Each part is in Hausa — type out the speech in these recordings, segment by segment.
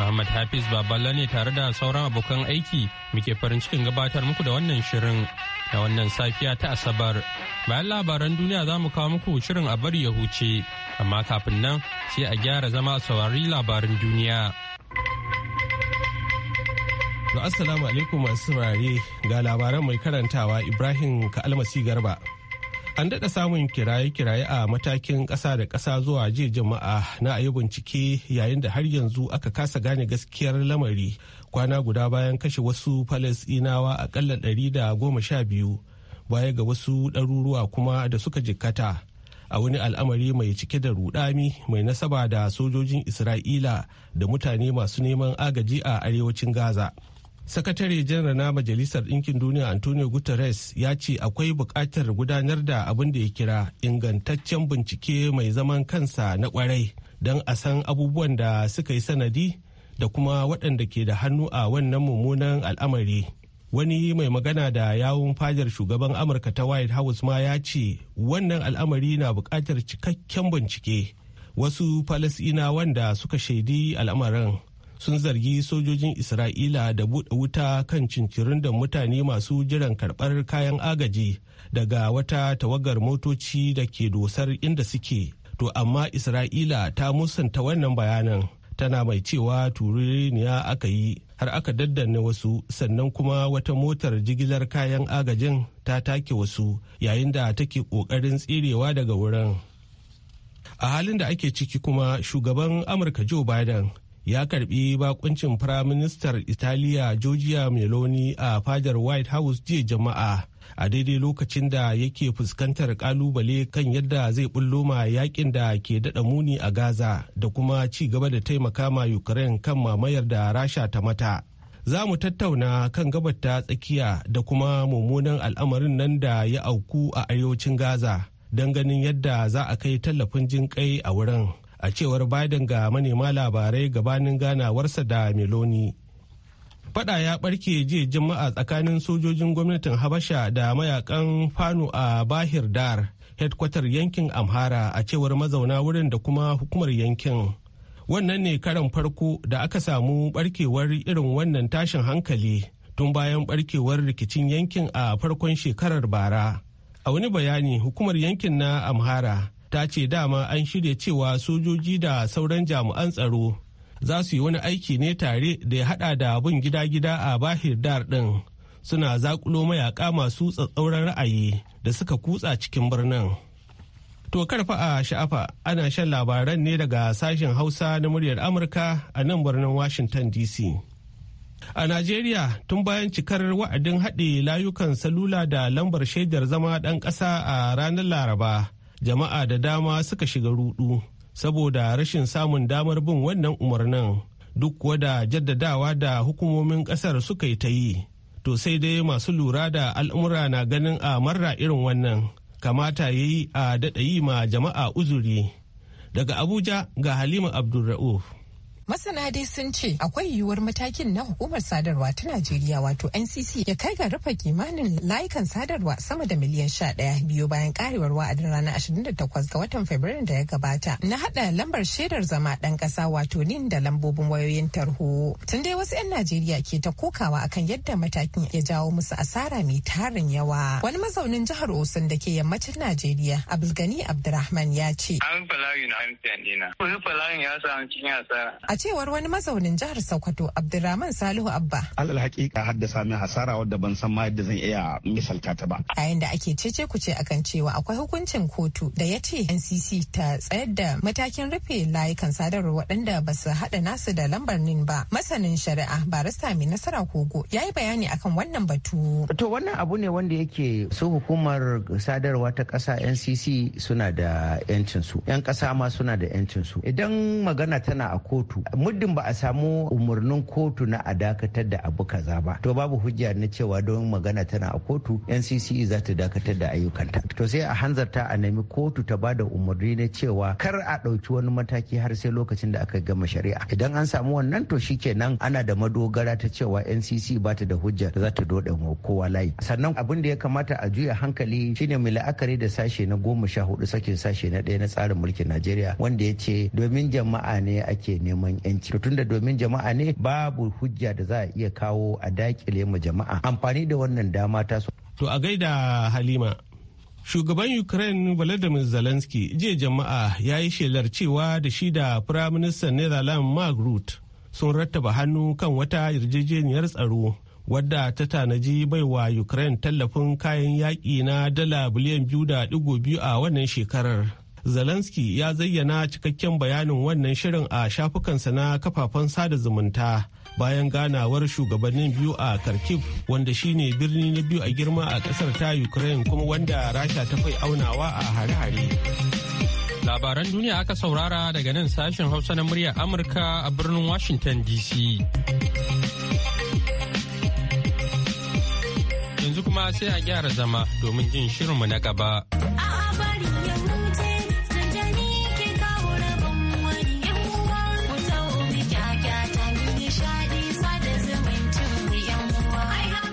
Muhammad Hafiz Baballa ne tare da sauran abokan aiki muke farin cikin gabatar muku da wannan shirin da wannan safiya ta Asabar. Bayan labaran duniya za mu kawo muku shirin a bari ya huce, amma kafin nan sai a gyara zama saurari labarin duniya. To Assalamu alaikum masu saurari ga labaran mai karantawa Ibrahim Ka'almasi Garba. An daɗa samun kiraye-kiraye a matakin ƙasa da ƙasa zuwa jiya jama'a na a yi bincike yayin da har yanzu aka kasa gane gaskiyar lamari kwana guda bayan kashe wasu Falasɗinawa aƙalla ɗari da goma sha biyu baya ga wasu ɗaruruwa kuma da suka jikkata a wani al'amari mai cike da rudami mai nasaba da sojojin Isra'ila da mutane masu neman agaji a arewacin Gaza. sakatare janar na majalisar ɗinkin duniya antonio guterres ya ce akwai buƙatar gudanar da abin da ya kira ingantaccen bincike mai zaman kansa na kwarai don a san abubuwan da suka yi sanadi da kuma waɗanda ke da hannu a wannan mummunan al'amari wani mai magana da yawun fadar shugaban amurka ta white house ma ya ce wannan al'amari na buƙatar cikakken bincike wasu falasina wanda suka shaidi al'amarin sun zargi sojojin isra'ila da buɗe wuta kan cincirin da mutane masu jiran karɓar kayan agaji daga wata tawagar motoci da ke dosar inda suke to amma isra'ila ta musanta wannan bayanan tana mai cewa turiniya aka yi har aka daddanne wasu sannan kuma wata motar jigilar kayan agajin ta take wasu yayin da take ƙoƙarin tsirewa daga wurin a halin da ake ciki kuma shugaban amurka joe biden ya karbi bakuncin firaministan italiya georgia meloni a fadar white house jiya jama'a a daidai lokacin da yake fuskantar kalubale kan yadda zai bullo ma yakin da ke dada muni a gaza da kuma ci gaba da taimaka ma ukraine kan mamayar da rasha ta mata za mu tattauna kan gabata tsakiya da kuma mummunan al'amarin nan da ya auku a arewacin gaza don ganin yadda za a kai tallafin jinƙai a wurin a cewar biden ga manema labarai gabanin ganawarsa da meloni fada ya barke jiya juma'a tsakanin sojojin gwamnatin habasha da mayakan fano a bahir dar hedkwatar yankin amhara a cewar mazauna wurin da kuma hukumar yankin wannan ne karan farko da aka samu barkewar irin wannan tashin hankali tun bayan barkewar rikicin yankin a farkon shekarar bara a wani bayani hukumar yankin na amhara ta ce dama an shirya cewa sojoji da sauran jami'an tsaro za su yi wani aiki ne tare da ya hada da bin gida-gida a bahir dar din suna zakulo mayaka masu tsatsauran ra'ayi da suka kutsa cikin birnin to karfa a sha'afa ana shan labaran ne daga sashen hausa na muryar amurka a nan birnin washington dc a najeriya tun bayan cikar wa'adin haɗe layukan salula da lambar shaidar zama ɗan ƙasa a ranar laraba jama'a da dama suka shiga rudu saboda rashin samun damar bin wannan umarnin duk kuwa da jaddadawa da hukumomin kasar suka yi ta yi to sai dai masu lura da al'umura na ganin a marra irin wannan kamata ya yi a daɗa yi ma jama'a uzuri daga abuja ga halima abdulra'uf Masana dai sun ce akwai yiwuwar matakin na hukumar sadarwa ta Najeriya wato NCC ya kai ga rufe kimanin layukan sadarwa sama da miliyan sha ɗaya biyu bayan karewar wa'adin ranar 28 ga watan Fabrairu da ya gabata na haɗa lambar shaidar zama ɗan ƙasa wato NIN da lambobin wayoyin tarho. Tun dai wasu 'yan Najeriya ke ta kokawa akan yadda matakin ya jawo musu asara mai tarin yawa. Wani mazaunin jihar Osun da ke yammacin Najeriya Abdulgani Abdurrahman ya ce. An bala'in an dina. Wani bala'in ya samu cikin asara. cewar wani mazaunin jihar Sokoto Abdulrahman Salihu Abba. Alal hakika haddasa min hasara wadda ban san ma yadda zan iya misalta ta ba. A da ake cece ce akan cewa akwai hukuncin kotu da ya ce NCC ta tsayar da matakin rufe layukan sadarwa waɗanda ba su haɗa nasu da lambar nin ba. Masanin shari'a barista mai nasara kogo ya yi bayani akan wannan batu. To wannan abu ne wanda yake su hukumar sadarwa ta ƙasa NCC suna da 'yancinsu. 'Yan ƙasa ma suna da 'yancinsu. Idan magana tana a kotu muddin ba a samu umarnin kotu na a dakatar da abu kaza ba to babu hujja na cewa don magana tana a kotu ncce za ta dakatar da ayyukanta to sai a hanzarta a nemi kotu ta bada umarni na cewa kar a ɗauki wani mataki har sai lokacin da aka gama shari'a idan an samu wannan to kenan. ana da madogara ta cewa ncc e ba ta da hujja za ta doda kowa layi sannan abin da ya kamata a juya hankali shine mai la'akari da sashe na goma sha hudu sakin sashe na ɗaya na tsarin mulkin najeriya wanda ya ce domin jama'a ne ake neman neman yanci to tunda domin jama'a ne babu hujja da za a iya kawo a dakile ma jama'a amfani da wannan dama ta to a gaida halima Shugaban Ukraine Volodymyr Zelensky jiya jama'a ya yi shelar cewa da shi da prime minister Netherlands Mark Rutte sun rattaba hannu kan wata yarjejeniyar tsaro wadda ta tanaji baiwa Ukraine tallafin kayan yaƙi na dala biliyan biyu da biyu a wannan shekarar. Zelensky ya zayyana cikakken bayanin wannan shirin a shafukansa na kafafen sada zumunta bayan ganawar shugabannin biyu a Kharkiv wanda shine birni na biyu a girma a kasar ta Ukraine kuma wanda Rasha ta fai aunawa a hare-hare. Labaran duniya aka saurara daga nan sashen Hausa na muryar Amurka a birnin Washington DC. Yanzu kuma sai a gyara zama domin jin shirinmu na gaba.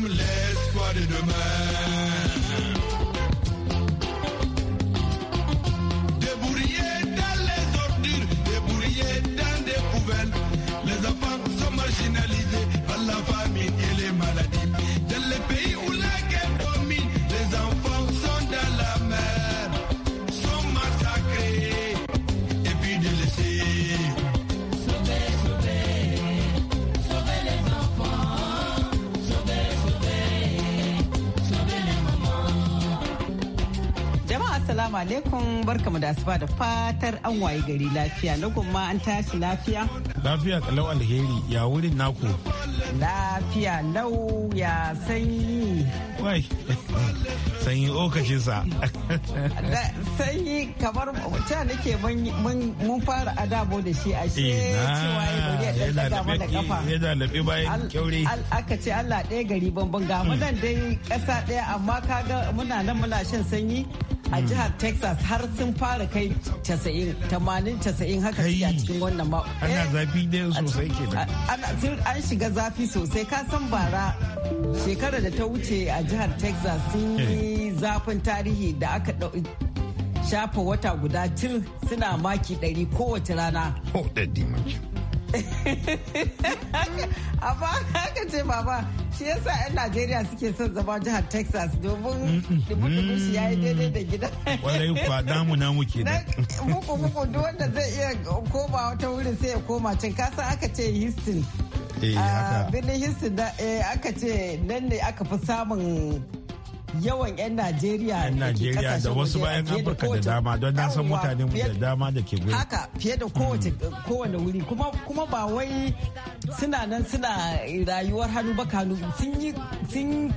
comme l'espoir de demain. Assalamu alaikum barkamu da asuba da fatar an waye gari lafiya na gumma an tashi lafiya. Lafiya kalau alheri ya wurin naku. Lafiya lau ya sanyi. Wai sanyi okacin sa. Sanyi kamar ta nake mun fara adabo da shi a shi cewa ya daga mana kafa. Ya lalabe bayan kyaure. Aka ce Allah ɗaya gari banban ga mu hmm. dai ƙasa ɗaya amma kaga muna nan muna shan sanyi a jihar texas har sun fara kai 90 80 haka suke a cikin wannan ba ana eh. zafi ne sosai ke an shiga zafi sosai ka san bara shekara da ta wuce a jihar texas sun eh. yi zafin tarihi da aka shafa wata guda tun suna maki 100 kowace rana amma haka ce baba shi yasa 'yan najeriya suke son zama jihar texas domin dubu-dubu shi ya yi daidai da gida kwarai kwa damu na ke da muku muku duk wanda zai iya koma wata wurin sai ya koma cin kasa aka ce houston eh, birnin houston eh, aka ce nan ne aka fi samun yawan 'yan Najeriya da Najeriya da wasu bayan Afirka da dama don na san mutane da dama da ke gudu. Haka fiye da mm-hmm. kowace kowane wuri kuma ba wai suna nan suna rayuwar hannu ba kanu sun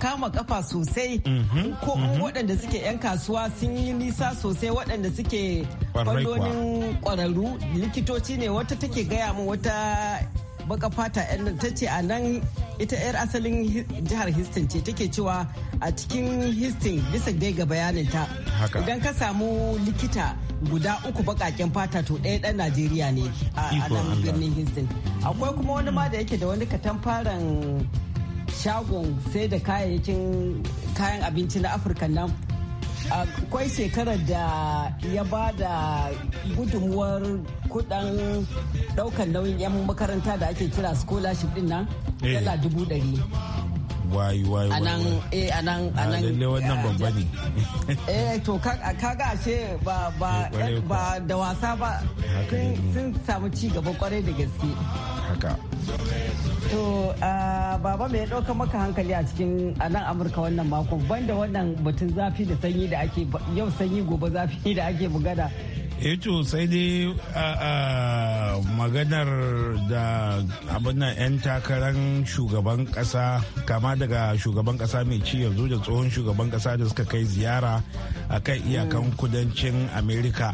kama kafa sosai mm-hmm. ko mm-hmm. waɗanda suke 'yan kasuwa sun yi nisa sosai waɗanda suke fannonin ƙwararru likitoci ne wata take gaya min wata baka fata yan nan ta ce a nan ita 'yar asalin jihar Houston ce take cewa a cikin Houston bisa dai ga bayanin ta idan ka samu likita guda uku bakaken fata to ɗaya ɗan Najeriya ne a nan birnin Houston akwai kuma wani ma da yake da wani katamfaran shagon sai da kayayyakin kayan abinci na Afirka nan akwai shekarar da ya ba da gudunmuwar kudin daukan nauyin 'yan makaranta da ake kira scholarship din nan eh. dala dubu dari wayi wayi anan eh a nan ne eh to kaga ashe ba ba eh, eh, ba da wasa ba eh, sun samu ci gaba kwarai da gaske haka to ah, baba mai ya dauka maka hankali a cikin a nan Amurka wannan mako banda wannan batun zafi da sanyi da ake yau sanyi gobe zafi da ake bugada eto sai dai maganar da abin yan takarar shugaban kasa kama daga shugaban kasa mai ci yanzu da tsohon shugaban kasa da suka kai ziyara a kan iyakan mm. kudancin amerika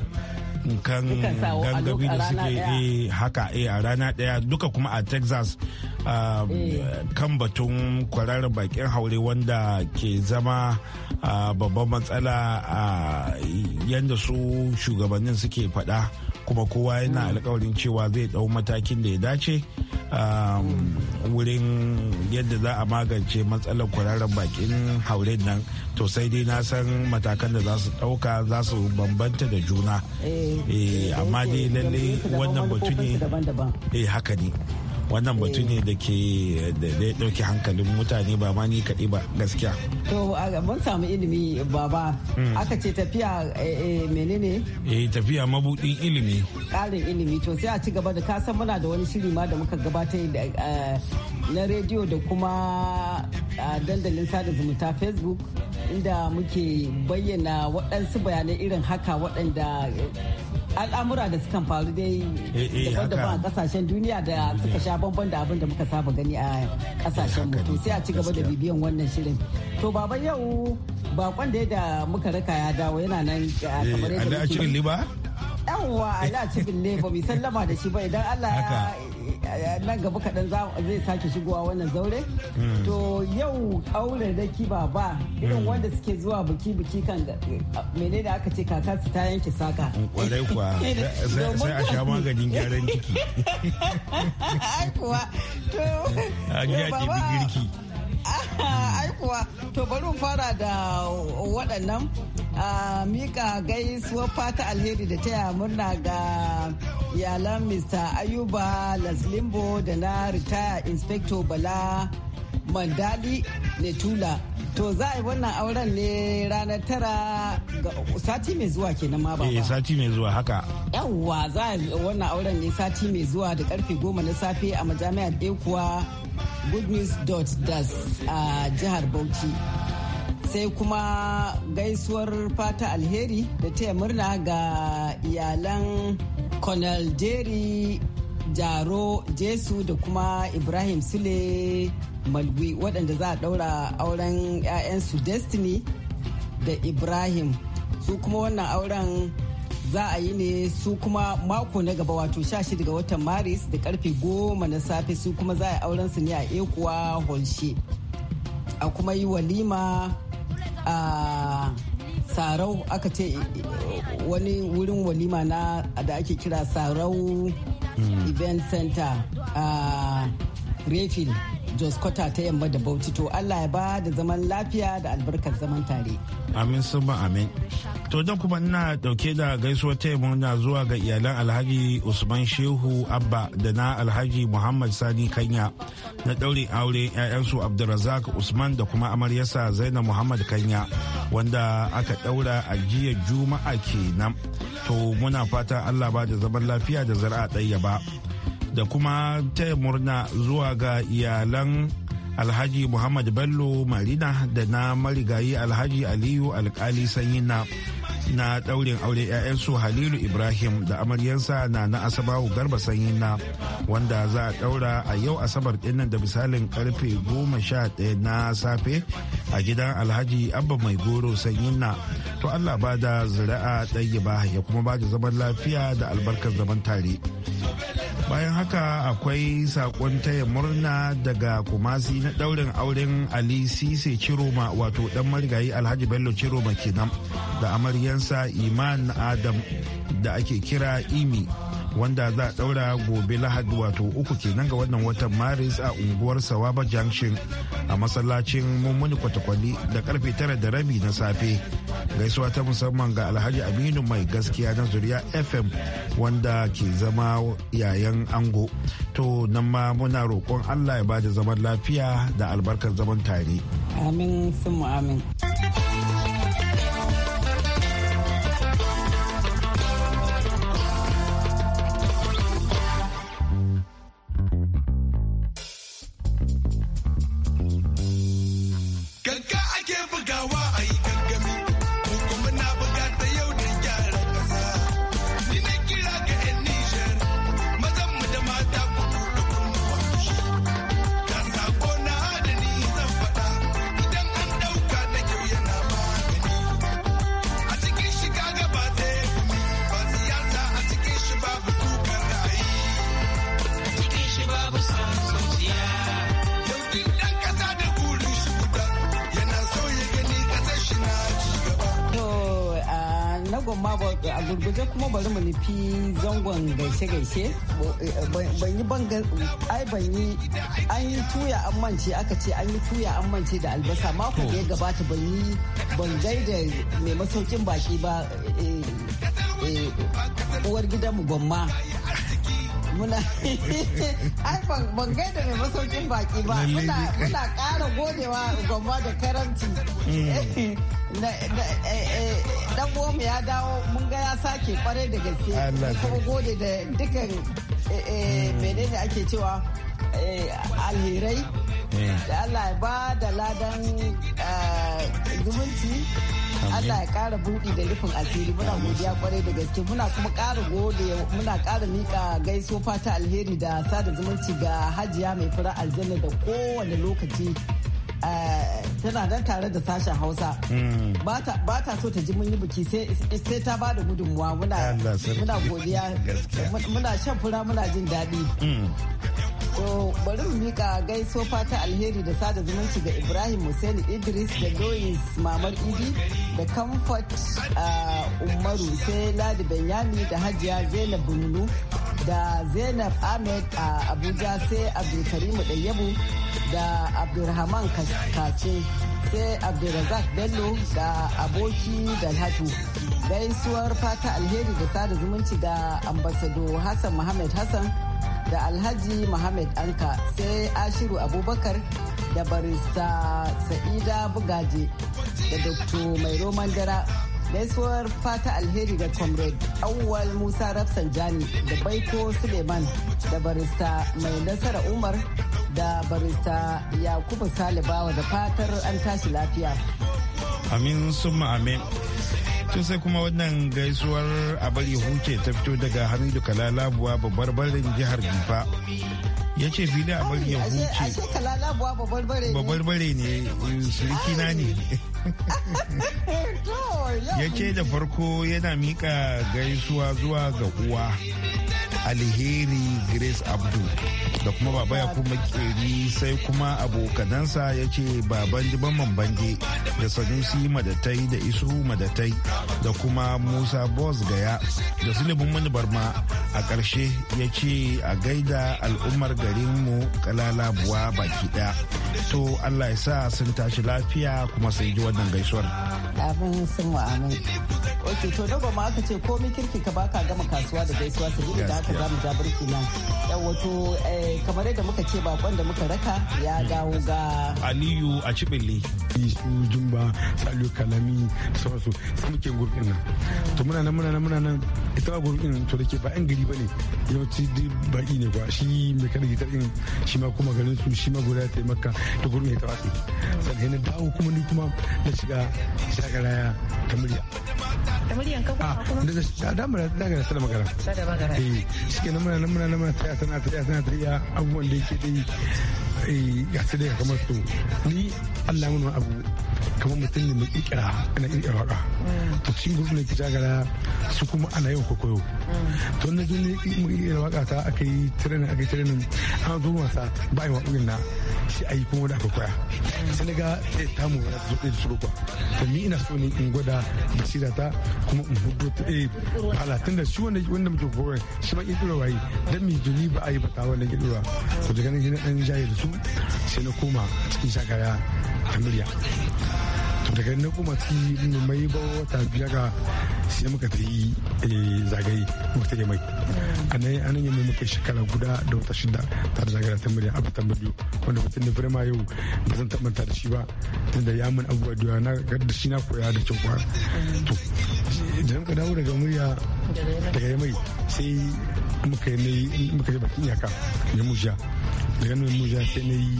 kan gangami da suke eh, haka eh, a rana daya duka kuma a texas um, eh. kan batun kwararar bakin haure wanda ke zama ah, babban matsala a ah, yadda su shugabannin suke fada. kuma kowa yana mm. alkawarin cewa zai ɗau matakin da ya dace um, mm. wurin yadda za a magance matsalar kwararren bakin hauren nan to sai dai na san matakan da za su dauka za su bambanta da juna eh. Eh, amma dai eh, lalle wannan batu ne haka ne wannan batu ne da ke da ya dauke hankalin mutane ba ma ni kaɗi ba gaskiya to mun samu ilimi baba hmm. aka ce tafiya eh, eh, menene eh tafiya mabudin ilimi ƙarin ilimi to sai a ci gaba da kasan muna da wani shiri ma da muka gabatar eh, na rediyo da kuma dandalin sada zumunta facebook inda muke bayyana waɗansu bayanai irin haka waɗanda eh, al'amura da suka faru dai eh, eh, daban-daban a kasashen duniya da suka sha bamban da abin da muka saba gani a kasashen mutu sai a ci gaba da bibiyan wannan shirin to baba yau bakon da da muka raka ya dawo yana nan kamar yadda yawwa ala cibin ne ba mu sallama da shi ba idan Allah ya nan gaba kaɗan zai sake shigowa wannan zaure hmm. to yau aure da ba ba irin hmm. wanda suke zuwa buki buki kan mene da aka ce kaka su ta yanke saka kwarai kuwa sai a sha maganin gyaran ciki kuwa to ba ai kuwa to bari fara da waɗannan a mika gaisuwar fata alheri da taya murna ga iyalan mr ayuba laslimbo da na ritaya inspector bala mandali netula to za a yi wannan auren ne ranar tara ga sati mai zuwa kenan ma ba ba eh, sati mai zuwa haka yawwa za a yi wannan auren ne sati mai zuwa da karfe goma na safe a majami'ar ekuwa goodnews.das a jihar Bauchi. Sai kuma gaisuwar fata alheri da taya murna ga iyalan Colonel Jerry Jaro Jesu da kuma Ibrahim Sule Malgui waɗanda za a ɗaura auren 'ya'yansu Destiny da Ibrahim. Su kuma wannan auren za a yi ne su kuma mako na gaba wato sha 16 ga watan maris da karfe 10 na safe su kuma za a yi auren su ne a ekuwa holshe a kuma yi walima a sarau aka ce wani wurin walima na da ake kira sarau hmm. event center a refil jos kwata ta yamma da bauchi to allah ya ba da zaman lafiya da albarkar zaman tare amin sabba amin to dan kuma ina dauke da gaisuwar yamma murna zuwa ga iyalan alhaji usman shehu abba da na alhaji muhammad sani kanya na daure aure 'ya'yansu abdulrazak usman da kuma amaryarsa zainab muhammad kanya wanda aka daura a jiya juma'a kenan to muna fata allah ba da zaman lafiya da zara'a ɗaya ba da kuma taya murna zuwa ga iyalan alhaji muhammad bello marina da na marigayi alhaji aliyu alkali sanyina na daurin aure 'ya'yansu halilu ibrahim da amaryansa na na asabawu garba sanyi na wanda za a daura a yau asabar dinnan da misalin karfe 11 na safe a gidan alhaji abba mai goro sanyi na to allah ba da zira'a ɗayyaba ya kuma ba da zaman lafiya da albarkar zaman tare bayan haka akwai sakon taya murna daga kumasi na daurin auren ali sise ciroma wato dan marigayi alhaji bello ciroma kenan da amaryansa iman adam da ake kira imi wanda za a daura gobe lahadi wato uku kenan ga wannan watan maris a unguwar sawaba junction a masallacin mummuni kwatakwali da karfe tara da rabi na safe gaisuwa ta musamman ga alhaji aminu mai gaskiya na zuriya fm wanda ke zama yayan ango to nan ma muna roƙon allah ya bada zaman lafiya da albarkar zaman tare amin sun amin amma a gurguje kuma bari mu nufi zangon gaishe-gaishe ban yi ban ai ban yi an yi tuya an mance aka ce an yi tuya an mance da albasa mako da ya gabata ban yi ban gaida mai masaukin baki ba eh, eh, uwar gidanmu ma muna ai ban gaida mai masaukin baki ba muna kara godewa gwamma da karanti mm. Eh, eh, dan uwanmu ya dawo mun ga ya sake kwarai da gaske kuma gode da dukkan eh, menene ake cewa alherai da Allah ya ba da ladan zumunci Allah ya kara buɗi da rufin asiri muna godiya kwarai da gaske muna kuma kara gode muna kara mika gaiso fata alheri da sada zumunci ga hajiya mai fura aljanna da kowane lokaci Eh, tana dan tare da sashen hausa hmm. ba ta so ta ji mun yi biki sai ta ba da gudunmuwa muna godiya muna shan fura muna jin daɗi hmm. bari mu mika gaiso fata alheri da sada zumunci ga ibrahim hussein idris da doyis mamar idi da comfort eh, umaru sai ladi benyami da hajiya zainab bunu da zainab ahmed a abuja sai abdulkarimu ɗayyabu da abdulrahman kace sai abdulrazak bello da aboki dalhatu gaisuwar fata alheri da sada zumunci da ambasado hassan Mohammed hassan da alhaji Mohammed anka sai ashiru abubakar da barista sa'ida bugaje da dr mai roman dara gaisuwar fata alheri ga comrade awwal musa rafsanjani da baiko suleiman da barista mai nasara umar da barista yakubu salibawa da fatar an tashi lafiya amin summa amin to sai kuma wannan gaisuwar a bari huce ta fito daga hamidu kalalabuwa babbar barin jihar gifa ya ce da a bari ya huce babbar bare ne suriki na ne eh, ya ce da farko yana mika gaisuwa zuwa ga uwa alheri grace abdul da kuma baba ya kuma keri sai kuma abokanansa ya ce baban jiban mambange da sanusi madatai da isu madatai da kuma musa bos gaya da sulebin mani barma a karshe ya ce a gaida al'ummar garinmu buwa baki ɗaya to allah ya sa sun tashi lafiya kuma sai ji wannan gaisuwar abin sun amin ok to ma aka ce komi kirki ka baka gama kasuwa da gaisuwa sabili da to. kamar yadda muka ce bakon da muka raka ya dawo ga aliyu a cibili su jumba salu kalami sauransu su muke gurbin nan to muna nan muna nan muna nan ita ba gurbin to da ke ba yan gari ba ne yawanci baki ne kuwa shi mai kada gitar in shi ma kuma garin su shi ma guda ta maka. ta gurbin ita wasu sannan yana dawo kuma ni kuma na shiga shagaraya ta murya da muryan ka kuma ah, ah, da da mura da ga sada magana sada magana eh shi ke nan muna nan muna nan muna ta sana ta sana ta abubuwan da yake dai Eh, ga su dai kamar su ni Allah mun abu kamar mutum ne mai ikira ina ikira waka to cikin gurbin da ke jagara su kuma ana yau kokoyo to na jini mu ikira waka ta aka yi training aka yi training an zo wasa ba yi wakokin na shi yi kuma da aka koya sai ga eh, ta mu na zo da su lokwa to ni ina so ne in gwada basira ta kuma in hudu ta eh bala tunda shi wanda wanda muke koyar shi ma ikira wayi dan mi ba a yi ba ta wani ikira to daga nan shi na dan jaye da su mutum sai na koma cikin shagara a murya to daga na koma cikin mai ba wata biya ga sai muka ta yi eh, zagaye muka ta mai a nan yi mai muka shekara guda da wata shida ta da zagara ta murya abu ta biyu wanda mutum da firma yau ba zan taɓa da shi ba tunda ya min abubuwa da na da shi na koya da kyau to idan muka dawo daga murya daga mai sai muka yi muka yi bakin iyaka ya musha daga nan mu ja sai na yi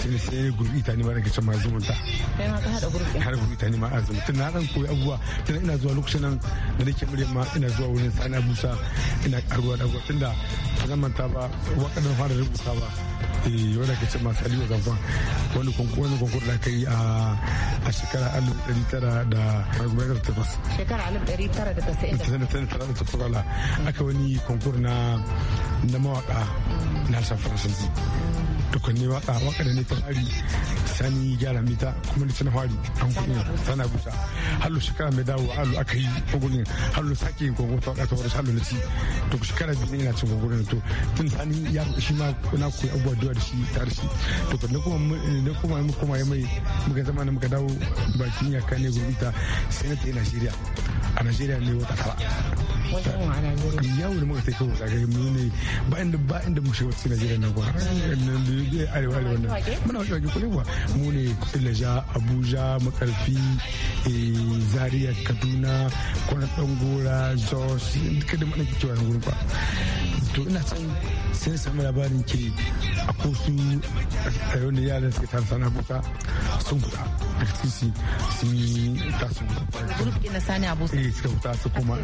sai sai na gurbi ta nima daga can ma zumunta kai ma ka hada gurbi har gurbi ta nima azumi tun na kan koyi abubuwa tun ina zuwa lokacin nan da nake murya ma ina zuwa wurin sana busa ina karuwa da tunda da zan manta ba wakadan fara rubuta ba wanda ka ce masu aliyu zamfa wani konkur da aka yi a shekara alif ɗari tara da magwayar shekara alif da tasa'in aka wani konkur na na mawaka na san faransanci dukkanin waka waka da ne ta fari sani gyara mita kuma da na hari an kuɗi sana busa hallo shekara mai dawo hallo aka yi kogunin hallo sake yin kogun ta wadata wadata hallo na ci to shekara biyu ne yana cin kogunin to tun sani ya shi ma na koyi abubuwa karshe karshe to na kuma na kuma mu kuma mai muka zama muka dawo bakin yaka ne gurbita sai na ta Najeriya a najeriya ne wata tara yau da muka take wata gari mu ne ba inda ba inda mu shiga cikin najeriya na kuwa arewa arewa nan muna wajen wajen kulewa mu ne ilaja abuja makarfi eh, zaria kaduna kwanan dangora jos kada mana kicewa na gurin kwa to ina can sai sami labarin ke a kusu a yau da yaran suke tare sana kusa sun kusa a cikin sun yi tasu. Gurufi na sani abusa. eh suka fita su kuma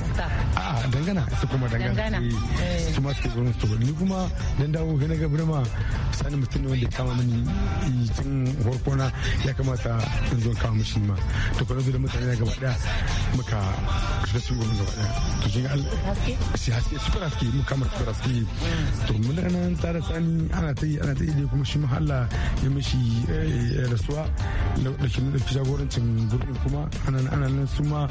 a dangana su kuma dangana eh. su ma suke gurin su ni kuma dan dawo ga naga birma sani mutum ne wanda ya kama mini tun farko ya kamata in zo kama mishi ma to kuma da mutane na gaba daya muka shiga su gurin gaba daya to shi al shi haske su fara suke mu kamar fara suke to mun nan tare sani ana ta yi ana ta yi kuma shi ma Allah ya mishi eh, rasuwa da shi jagorancin gurbin kuma ana nan su ma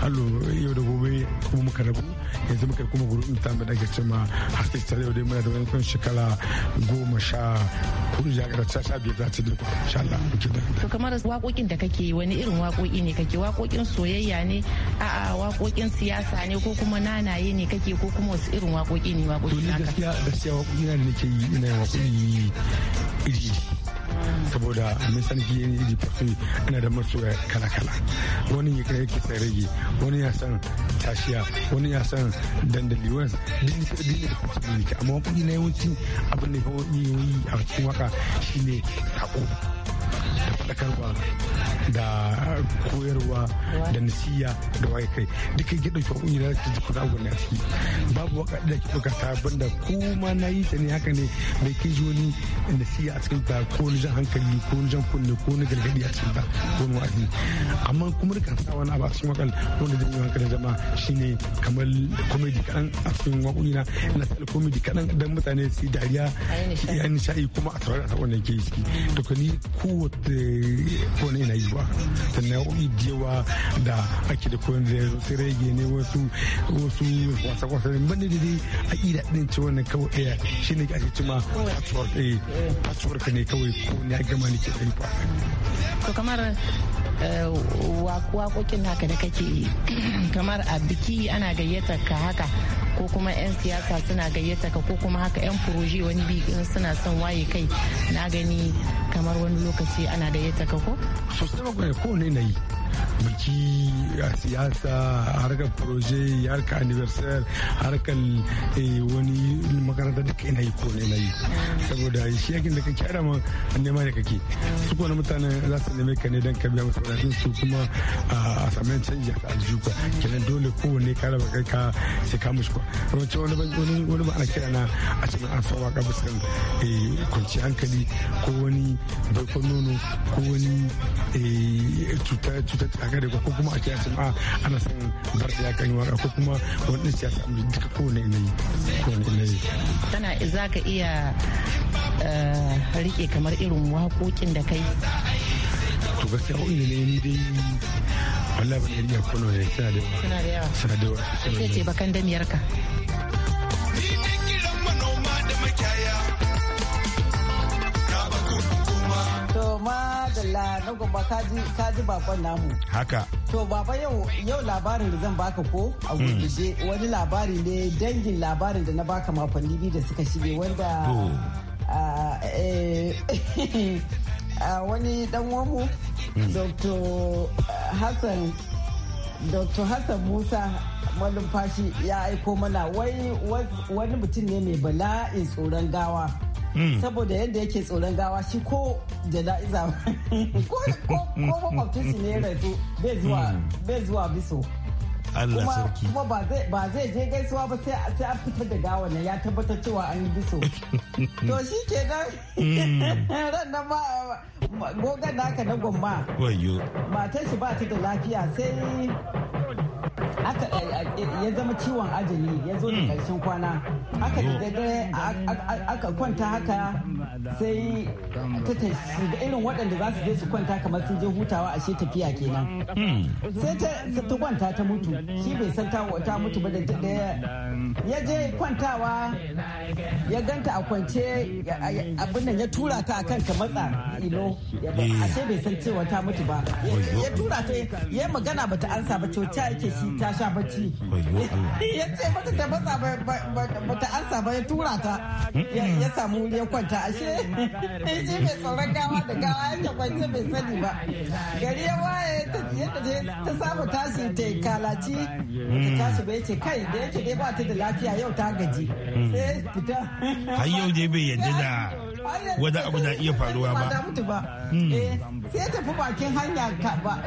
hallo yau da gobe kuma muka rabu yanzu muka kuma gurbin ta mai daga cima har sai tare da muna da wani kan shekara goma sha hudu ya ga ta sha biyar za ta dinku insha Allah muke da to kamar waƙoƙin da kake wani irin waƙoƙi ne kake waƙoƙin soyayya ne a'a waƙoƙin siyasa ne ko kuma nanaye ne kake ko kuma wasu irin waƙoƙi ne waƙoƙi ne gaskiya gaskiya waƙoƙi ne nake yi ina waƙoƙi iri saboda mun san biyan da fafi ana da masoya kala kala wani ya kai rage wani ya san tashiya wani ya san dandali wani dini da kuma yake amma wani na yawancin abin da ya yi a cikin waka shine sako da faɗakarwa da koyarwa da nasiya da waye kai kai gidan ki kunyi da ki da gwani a ciki babu waka da ki ɗauka ta banda kuma na yi ta ne haka ne mai kai wani nasiya a cikin ta ko ni jan hankali ko ni jan kunne ko ni gargadi a cikin ta ko ni wa'azi amma kuma duka sa wani abu a cikin wakal ko ni yi hankali jama'a shine kamar komedi kaɗan a cikin wakuni na na ta komedi kaɗan dan mutane su dariya ya nishaɗi kuma a tsarar a wannan ke ciki to ni kowace wani yana yi ba sannan da yawa da ake da koyon da su rage ne wasu wasu wasa kwasa ne bane da dai a ƙida ɗin ci wannan kawai ɗaya shi ne ake cima patchwork ne kawai ko ne a gama ne ke ɗari ba. to kamar waƙoƙin haka da kake yi kamar a biki ana gayyata ka haka ko kuma 'yan siyasa suna gayyata ka ko kuma haka 'yan furoji wani bi suna son waye kai na gani kamar wani lokaci ana gayyata ka ko? sosai ko ne na yi biki a siyasa harkar proje harkar anniversary harkar eh, wani makaranta duka ina yi ko ne na yi saboda shi yakin da kake ne ma nema da kake su kuma mutane za su neme ka ne don ka biya musu wadatun su kuma a samun canji a aljuka kenan dole kowanne ka raba kai ka sai ka mushi kwa rawancin wani wani wani ma'ana kira na a cikin an sawa ka musu eh, kwanci hankali ko wani baikon nono ko wani eh, cuta cuta ta tsakare ko kuma a ce a san ah, a ana san barta ya kan yi waka ko kuma wani siyasa mai duka kowane yanayi kowane yanayi tana za ka iya eh, rike kamar irin waƙoƙin da kai to gaskiya wani ne ni dai ba ne riya kono ne suna da yawa suna da yawa suna da yawa sai ce bakan damiyar ka ni ne kiran manoma da makiyaya madalla na ka kaji bakon namu. Haka. To baba yau labarin da zan baka ko a hmm. gurguje wani labari ne dangin labarin da na baka makonni biyu da suka shige wanda eh, wani dan wamu hmm. Dr. Hassan Dr. Hassan Musa malumfashi ya aiko mana wai wani mutum ne mai bala'in tsoron gawa. Mm. saboda yadda yake tsoron gawa shi ko jana'iza ko makwabcinsu ne rasu mm. bai zuwa biso Allah sarki kuma ba zai je gaisuwa ba sai a fitar da gawa na ya tabbatar cewa an yi biso to shi ke nan mm. ran na ba gogan da na gomma matar shi ba ta da lafiya sai aka eh, eh, eh, ya zama ciwon ajali ya zo da karshen hmm. kwana aka da aka kwanta haka sai ta shiga irin waɗanda za su je su kwanta kamar sun je hutawa ashe tafiya kenan hmm. sai ta kwanta ta mutu shi bai san ta mutu ba da ya je kwantawa ya ganta a kwance abin ya tura ta akan ta matsa ilo ashe bai san cewa ta mutu ba ya tura ta ya magana bata ansa ba cewa yake shi bacci ta sha bacci ya ce mata ta ba ta ansa ba ya tura ta ya samu ya kwanta ashe shi mai tsoron gawa da gawa ya kwance bai sani ba gari ya waye ta saba tashi ta kalaci ta tashi bai ce kai da yake dai ba ta da lafiya yau ta gaji hmm. sai fita har yau dai bai yadda da wani abu na iya faruwa ba Eh, mm. sai tafi bakin hanya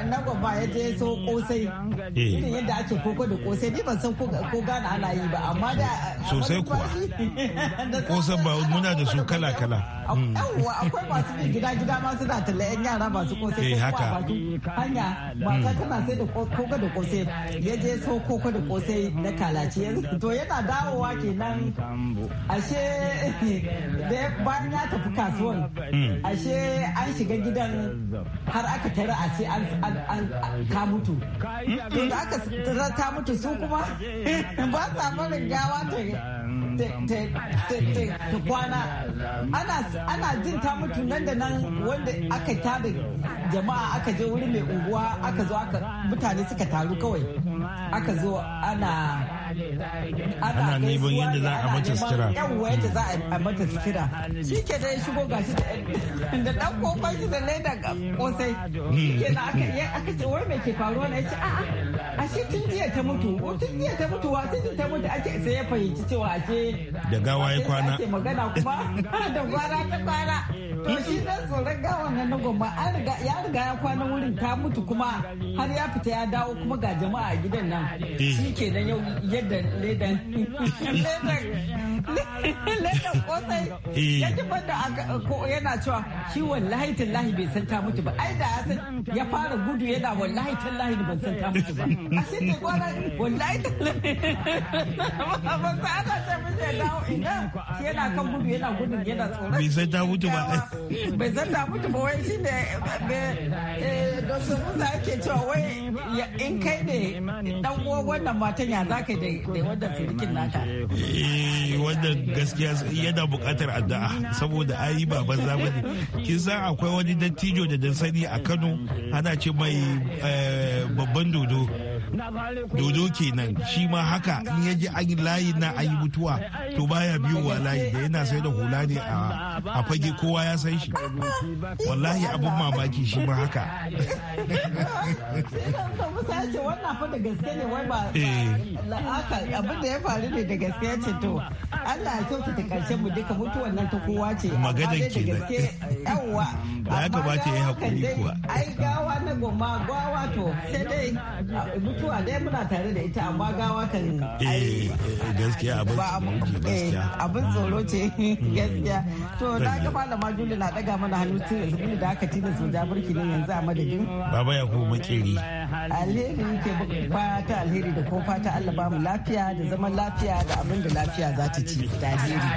na gwamba ya je so kosai eh. irin yadda ake koko da kosai ni ban san ko gana ana yi ba amma da sosai kuwa kosan ba muna da su kala kala mm. yawwa akwai masu bin gida gida ma suna tala yan yara masu kosai ko eh, haka hanya mata tana sai da koko da kosai ya je so koko da kosai na kalaci to yana dawowa kenan ashe bayan ya tafi kasuwan mm. ashe an shiga na gidan har aka tara a sai an ta mutu aka tara ta mutu su kuma ba sa barin gawa ta ta kwana ana jin ta mutu nan da nan wanda aka tada jama'a aka je wuri mai unguwa aka zo aka mutane suka taru kawai aka zo ana ana neman yadda za a mata sutura yawwa yadda za a mata sutura shi ke da ya shigo ga shi da dan kofar shi da leda ga kosai ke na aka ce wai mai ke faruwa na ya ce a'a a shi tun jiya ta mutu tun jiya ta mutu wa tun ta mutu ake sai ya fahimci cewa ake da gawa ya kwana Ake magana kuma da gwara ta kwana shi tsoron gawan nan na gomba an riga ya riga ya kwana wurin ta mutu kuma har ya fita ya dawo kuma ga jama'a gidan nan eh. shi ke nan yau yadda ledan ledan kosai eh. ya ji yana cewa shi wallahi tallahi bai san ta mutu ba ai da ya san ya fara gudu yana wallahi tallahi ban san ta mutu ba a shi ne wallahi tallahi ba sa ana ce ya dawo yana kan gudu yana gudun yana tsoron bai san ta mutu ba bai zanda mutu ba wai shine domin za ke cewa wai in kai ne dan uwa wannan matan ya da wanda sirikin naka. Eh, wanda gaskiya yana bukatar addu'a saboda ayi ba banza ba kin san akwai wani dattijo da dan sani a Kano ana ce mai eh, babban dodo dodo kenan shi ma haka in ya ji an layi na an yi mutuwa to baya biyowa layi da yana sai da hula ne a fage kowa ya san shi wallahi abin mamaki shi ma haka eh. abin ya faru ne da gaskiya ce to Allah ya karshen mu duka mutuwan nan ta mutuwa dai muna tare da ita amma gawa kan gaskiya abin tsoro ce gaskiya to na ga malama juli na daga mana hannu tun yanzu da aka tina soja burki ne yanzu a madadin baba yakubu makeri alheri ke fata alheri da kuma fata Allah ba mu lafiya da zaman lafiya da abin da lafiya za ta ci da alheri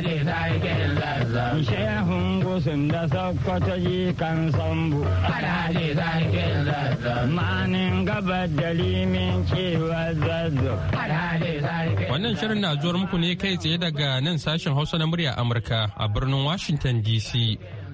shehun gusun da yi kan sambu manin gaba da limin cewa wannan shirin na zuwar muku ne kai tsaye daga nan sashen hausa na murya amurka a birnin washington dc